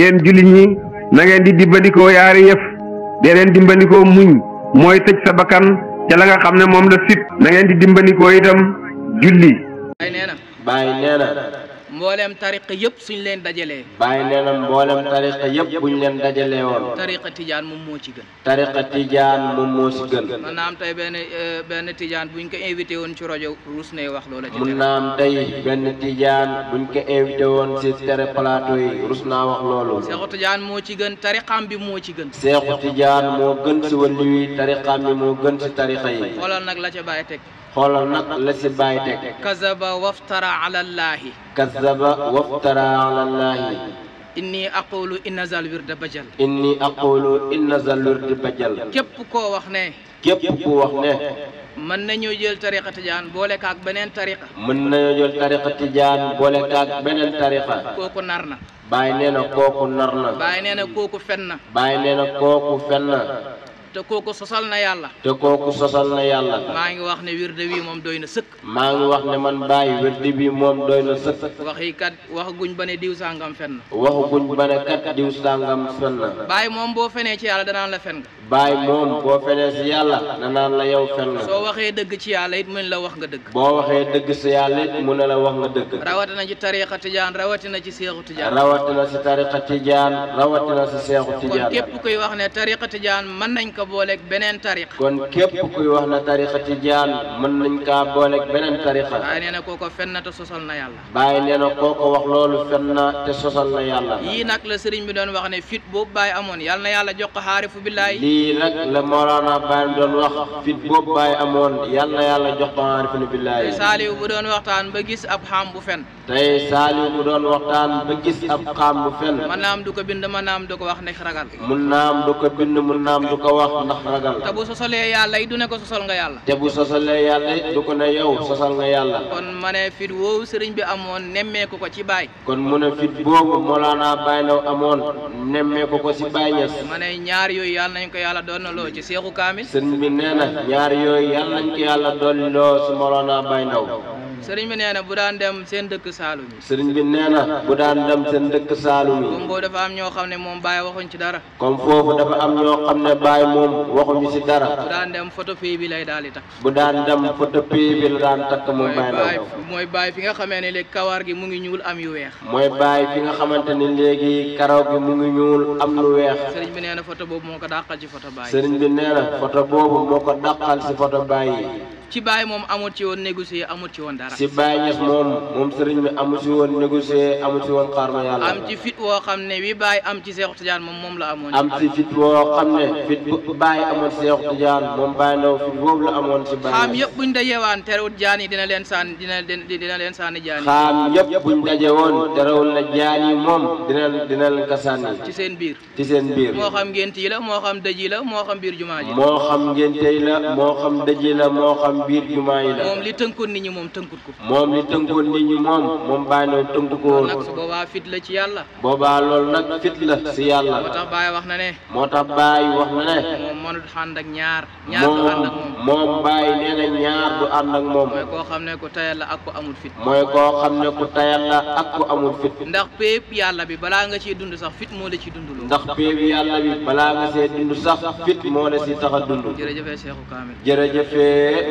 yéen jullit ñi na ngeen di dimbandikoo yaari yëf dee leen dimbandikoo muñ mooy tëj sa bakkan ca la nga xam ne moom la sip na di dimbandikoo itam julli. Baay mbooleem tariqa yëpp suñ leen dajalee bàyyi nee na mbooleem tariqa yëpp buñ leen dajalee woon tariqa tijaan moom moo ci gën tariqa tijaan moom moo ci gën mën naa am tey benn eh, benn tijaan buñ ko invité woon ci rajo ruus nay wax loola ci mun naa am tey benn tijaan buñ ko invité woon si tere plateau yi rus naa wax loolu seexu tijaan moo ci gën tariqaam bi moo ci gën seexu tijaan moo gën si wàllu yi tariqaam bi moo gën si tariqa yi xoolal nag la ca bàyyi teg xoolal na la si bàyyi teg kazaba waftara ala allaahi kazaba waftara ala allaahi inni aqulu inna zal wirda bajal inni aqulu inna zal wirda bajal képp koo wax ne képp ku wax ne mën nañoo jël tariqa tijaan boole kaak beneen tariqa mën nañoo jël tariqa tijaan boole kaak beneen tariqa kooku nar na bàyyi nee na kooku nar na bàyyi ne na kooku fen na bàyyi nee na kooku fen na te kooku sosal na yàlla te kooku sosal na yàlla maa ngi wax ne wirde wi moom doy na sëkk maa ngi wax ne man bàyyi wirde bi moom doy na sëkk wax kat wax guñ ba ne diw sàngam fen na waxu guñ ba ne kat diw sàngam fen na bàyyi moom boo fenee ci yàlla danaan la fen nga baay moom boo fenee si yàlla na naan la yow fen na soo waxee dëgg ci yàlla it mun la wax nga dëgg boo waxee dëgg si yàlla it mu ne la wax nga dëgg rawatina ci tariqa tijaan rawatina ci seexu tijaan rawatina si seexu tijaan kon képp kuy wax ne tariqa tijaan mën nañ ko booleeg beneen tariqa kon képp kuy wax ne tariqa tijaan mën nañ kaa booleeg beneen tariqa baay nee na kooko fen na te sosal na yàlla baay nee na kooko wax loolu fen na te sosal na yàlla yii nag la sëriñ bi doon wax ne fit boobu baay amoon yàlla na yàlla jox ko xaarifu lii nag la Mawlana Baye doon wax fit boobu Baye amoon yal na yàlla jox ko aarifinu billaahi. tey Saaliw bu doon waxtaan ba gis ab xaam bu fen. tey gis ab xaam bu fen. mën naa am ko bind mën naa am ko wax ndax ragal. mun naa am du ko bind naa am ko wax ndax ragal. te bu sosalee yàlla du ne ko sosal te bu sosalee yàlla it du ko ne yow sosal nga yàlla. kon ma ne fit woowu sëriñ bi amoon nemmeeku ko ci Baye. kon mu fit boobu Mawlana Baye amoon nemmeeku ko ci Baye Niass. ma ne ñaar yooyu yàlla nañ ko yàlla yàlla doon na loo ci seexu kaamil sëñ bi nee na ñaar yooyu yàlla nañ ci yàlla doon loo si Mawlana Baye Ndaw sëriñ bi nee na bu daan dem seen dëkk Saalum yi sëriñ bi nee na bu daan dem seen dëkk Saalum yi comme ñoo xam ne moom Baye waxuñ ci dara comme foofu dafa am ñoo xam ne Baye moom waxuñu ci dara bu daan dem photopie lay daal di takk bu daan dem photopie bi la daan takk moom mooy Baye fi nga xamee ne léegi kawar gi mu ngi ñuul am yu weex mooy Baye fi nga xamante ne léegi karaw gi mu ngi ñuul am lu weex sëriñ bi nee foto boobu moo ko dàqal ci photo Baye sëriñ bi nee na photo boobu moo ko dàqal ci photo Baye yi ci bàyyi moom amut ci woon négocier amut ci woon dara. si bàyyi ñes moom moom si fit woo xam ne wi bàyyi am ci Seexu Tijaan moom moom la amoon. am si fit woo xam ne fit bu bàyyi amoon Seexu Tijaan moom bàyyi ndaw fit boobu la amoon si bàyyi. xaam yëpp buñ dajee waan terewul jaan yi dina leen sànni dina dina leen sànni jaan yi. xaam yëpp buñ daje woon terewul na jaan yi moom dina dina leen ko ci seen biir ci seen biir. moo xam ngént yi la moo xam dëj la moo xam biir jumaa ji. moo xam ngént yi la moo moo xam biir jumaa yi la. moom li tënkoon nit ñi moom tënkut ko. moom li tënkoon nit ñi moom moom Baye noonu tënku ko woon. nag su boobaa fit la ci yàlla. boobaa loolu nag fit la si yàlla. moo tax Baye wax na ne. moo tax Baye wax na ne. moom mënut ànd ak ñaar. ñaar du ànd ak moom moom Baye nee na ñaar du ànd ak moom. mooy koo xam ne ku tayal la ak ku amul fit. mooy koo xam ne ku tayal la ak ku amul fit. ndax péep yàlla bi balaa nga ciy dund sax fit moo la ciy dund loolu. ndax péep yàlla bi balaa nga see dund sax fit moo la si tax a dund. jërëjëfee Cheikhou Kamil jërëjëfee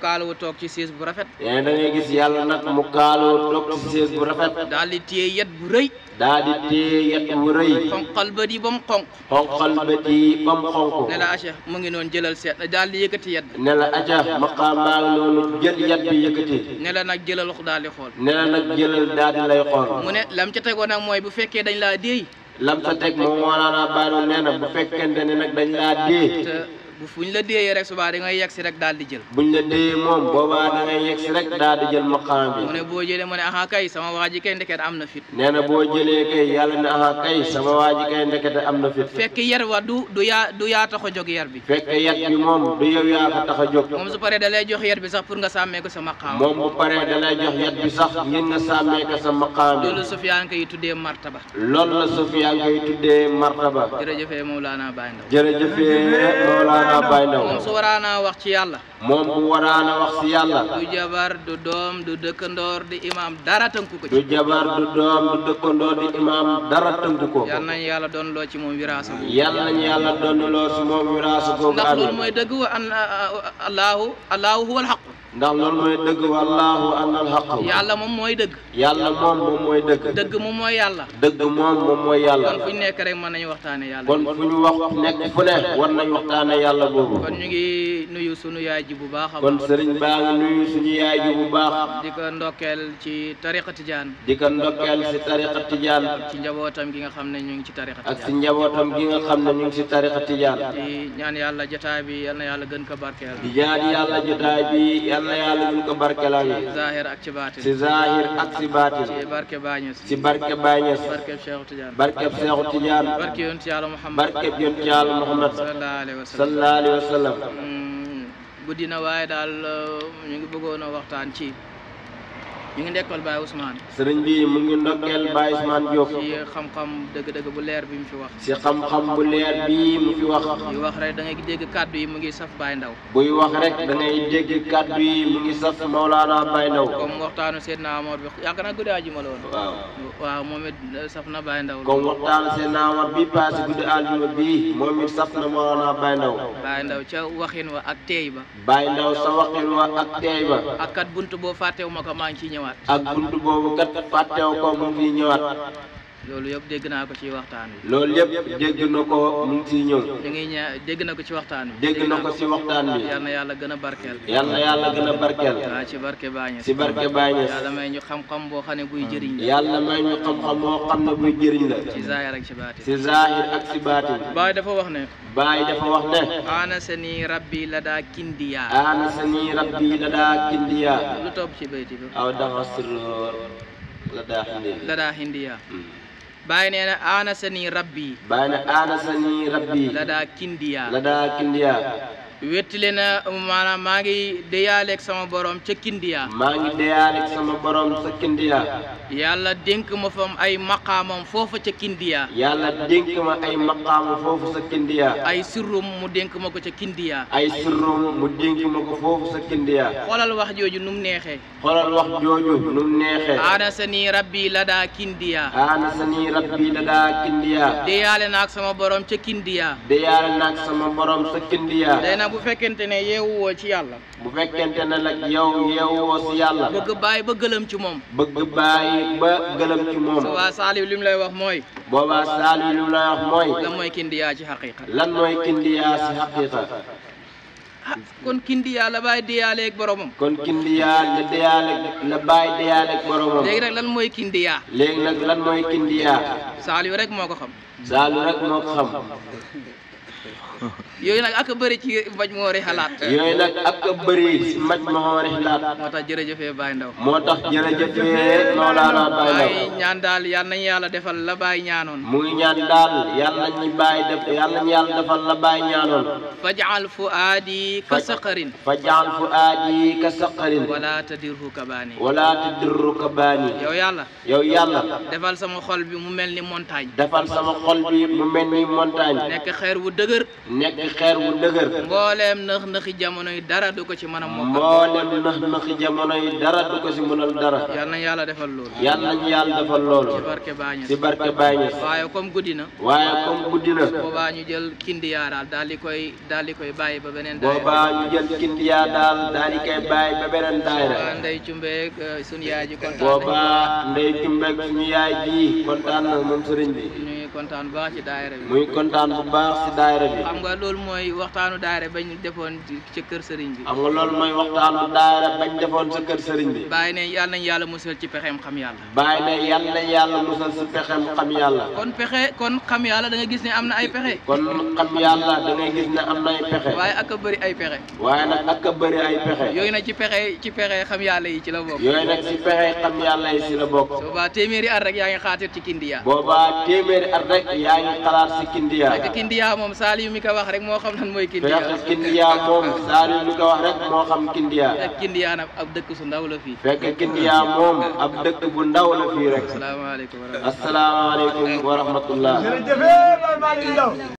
kaalawu toog ci siis bu rafet nee da ngay gis yàlla nag mu kaalawu toog ci siis bu rafet daal di téye yet bu rëy daal di yet bu rëy xonqal bët yi ba mu xonq xonqal bët yi ba mu xonq aca mu ngi noonu jëlal seet daal di yëkkati yet ne la aca maqaam baa la nag jëlal daal di xool ne la nag jëlal daal di lay xool mu ne lam ca tegoon nag mooy bu fekkee dañ laa déey lam ca teg moom moo naa naa bàyyi nee na ne nag dañ laa déey bu ñu la déeyee rek subaa da ngay si rek daal di jël buñ la déeyee moom boobaa da ngay yegg si rek daal di jël maqaam bi boo jëlee mu ne aha kay sama waa ji kay ndekete am na fit boo jëlee kay yàlla ne aha kay sama am na fekk yer wa du du yaa du yaa a bi fekk yer bi moom du yow yaa ko tax a jóg moom su paree da jox yer bi sax pour nga sàmmee ko sa maqaam moom bu paree da lay jox yer bi sax ngir nga sàmmee ko sa maqaam bi loolu sufiyaan koy tuddee martaba loolu la sufiyaan koy tuddee martaba jërëjëfee Mawlaana Baay Ndaw jërëjëfee Mawlaana naa bàyyi na moom su waraana wax ci yàlla moom bu waraana wax ci yàlla du jabar du doom du dëkkandoor di imaam dara tënku ko ci du jabar du doom du dëkkandoor di imaam dara tënku ko yal nañ yàlla doon loo ci moom wiraasa yal a yàlla doon loo ci moom wiraasa boobu ndax mooy dëgg an allahu allahu huwa alxaq ndax loolu mooy dëgg wallaahu anal xaq yàlla moom mooy dëgg yàlla moom moom mooy dëgg dëgg moom mooy yàlla dëgg moom moom mooy yàlla kon fu ñu nekk rek mën nañu waxtaane yàlla kon fu ñu wax nekk fu ne war nañ waxtaane yàlla boobu kon ñu ngi nuyu suñu yaay ji bu baax kon sëriñ baa ngi nuyu suñu yaay ji bu baax di ko ndokkeel ci tariqa tijaan di ko ndokkeel si tariqa tijaan ci njabootam gi nga xam ne ñu ngi ci tariqa tijaan ak njabootam gi nga xam ne ñu ngi ñaan yàlla jotaay bi yàlla gën ko barkeel di yàlla jotaay bi na yàlla ñu ko barkelal yi si zahir ak si baatin si barke Bañes si barke Bañes barke Cheikh Tidiane barke Cheikh Tidiane barke yonent yàlla Muhammad barke yonent yàlla Muhammad sallallahu alayhi wa sallam hmm. guddi na waaye daal euh, ñu ngi bëggoon a waxtaan ci ñu ngi ndekkal Baye Ousmane. sëriñ bi mu ngi ndokkeel Baye Ousmane Diop. ci xam-xam dëgg-dëgg bu leer bi mu fi wax. ci xam-xam bu leer bi mu fi wax. buy wax rek da ngay kàddu yi mu ngi saf Baye Ndaw. buy wax rek da ngay dégg kàddu yi mu ngi saf Maulana Baye Ndaw. comme waxtaanu Seydina Amar bi yàgg na guddi àjjuma la woon. waaw waaw moom it euh, saf na Baye Ndaw comme waxtaan seen naa war bi passé guddi àljuma bii moom it saf na Mawlana Baye Ndaw Baye Ndaw ca waxin wa ak teey ba Baye Ndaw sa waxin wa ak teey ba ak kat bunt boobu fàttewu ma ko maa ngi ciy ñëwaat ak bunt boobu kat fàttewu ko mu ngi ñëwaat loolu yëpp dégg naa ko ci waxtaan bi loolu yëpp dégg na mu ngi siy ñëw ñu ngi dégg na ko ci waxtaan bi dégg na ko si waxtaan bi yal na yàlla gën a barkeel yal na yàlla gën a barkeel waaw si barke bàñes si barke bàñes yàlla may ñu xam-xam boo xam ne buy jëriñ la yàlla may ñu xam-xam xam ne buy jëriñ la si zaahir ak si baatin si zaahir ak si baatin baay dafa wax ne baay dafa wax ne aana sa nii rabbi la daa kindiyaa aana sa nii rabbi la daa kindiyaa lu topp ci bayti bi aw dafa sirr la hindiyaa bàyyi nee na aanasani rabbi bàyyi ne aanasani rabbi la daa kindiya la daa kindiya wettile na maanaam maa ngi deyaaleeg sama borom ca Kindiya. maa ngi deyaaleeg sama borom ca Kindiya. yàlla dénk ma fam ay maqaamam foofa ca Kindiya. yàlla dénk ma ay maqaamam foofu sa Kindiya. ay surrum mu dénk ma ko ca Kindiya. ay surrum mu dénk ma ko foofu sa Kindiya. xoolal wax jooju nu mu neexee. xoolal wax jooju nu mu neexee. aana sa nii rabbi la daa Kindiya. aana sa nii rabbi la daa Kindiya. deyaale naag sama borom ca Kindiya. deyaale naag sama borom sa Kindiya. bu fekkente ne yeewoo ci yàlla. bu fekkente ne nag yow yeewoo si yàlla. bëgg bàyyi ba gëlëm ci moom. bëgg bàyyi ba gëlëm ci moom. boobaa Saaliw li mu lay wax mooy. boobaa Saaliw li mu lay wax mooy. lan mooy kindiyaa ci xaqiqa. lan mooy kindiyaa ci xaqiqa. ah kon kindiyaa la bàyyi deyaaleeg boromam. kon kindiyaa la deyaaleeg la bàyyi deyaaleeg boromam. léegi nag lan mooy kindiyaa. léegi nag lan mooy kindiyaa. Saaliw rek moo ko xam. Saaliw rek moo ko xam. yooyu nag ak a ci maj moo xalaat yooyu nag ak a bëri si maj moo ri xalaat Ndaw moo tax jërëjëfee Mawlana ñaan daal yal nañu yàlla defal la Baye ñaanoon mu ngi ñaan daal yal nañu Baye yàlla defal la Baye ñaanoon fajal fuaadi ka saqarin fajal fuaadi ka saqarin wala tadirhu kabaani wala tadirhu kabaani yow yàlla yow yàlla defal sama xol bi mu mel ni montagne defal sama xol bi mu mel ni montagne nekk xeer wu dëgër nekk xeer wu dëgër mbooleem nëx nëxi jamono yi dara du ko ci mën a mokkal mbooleem nëx nëxi jamono yi dara du ko ci mënal dara yal nañ yàlla defal loolu yal nañ yàlla defal loolu ci barke baañes waaye comme guddi na waaye comme guddi na boobaa ñu jël kindi yaa daal daal di koy daal di koy bàyyi ba beneen daayira boobaa ñu jël kindi yaa daal daal di koy bàyyi ba beneen daayira boobaa ndey cumbeeg uh, suñu yaay ji kontaan boobaa ndey cumbeeg suñu yaay ji kontaan na moom sëriñ bi kontaan bu baax ci daayira bi. mooy waxtaanu daayira bañ defoon ci kër sëriñ bi. xam nga loolu mooy waxtaanu daayira bañ defoon ci kër sëriñ bi. bàyyi ne yàlla nañ yàlla musal ci pexeem xam yàlla. bàyyi ne yàlla nañ yàlla musal ci pexeem xam yàlla. kon pexe kon xam yàlla da nga gis ne am na ay pexe. kon xam yàlla da ngay gis ne am na ay pexe. waaye ak a ay pexe. waaye nag ak a bëri ay pexe. yooyu nag ci pexe ci pexe xam yàlla yi ci la bokk. yooyu nag ci yàlla yi la bokk. boobaa téeméeri at rek yaa ngi xaatir ci kindiya boobaa téeméeri at rek yaa ngi xalaat si kindiya ak kindiya moom Saliou mi ko wax rek moo xam lan mooy kindiya fekk kindiya moom Saliou mi ko wax rek moo xam kindiya fekk kindiya nag ab dëkk su ndaw la fii fekk kindiya moom ab dëkk bu ndaw la fii rek asalaamaaleykum wa rahmatullah jërëjëf Baye Malick Ndao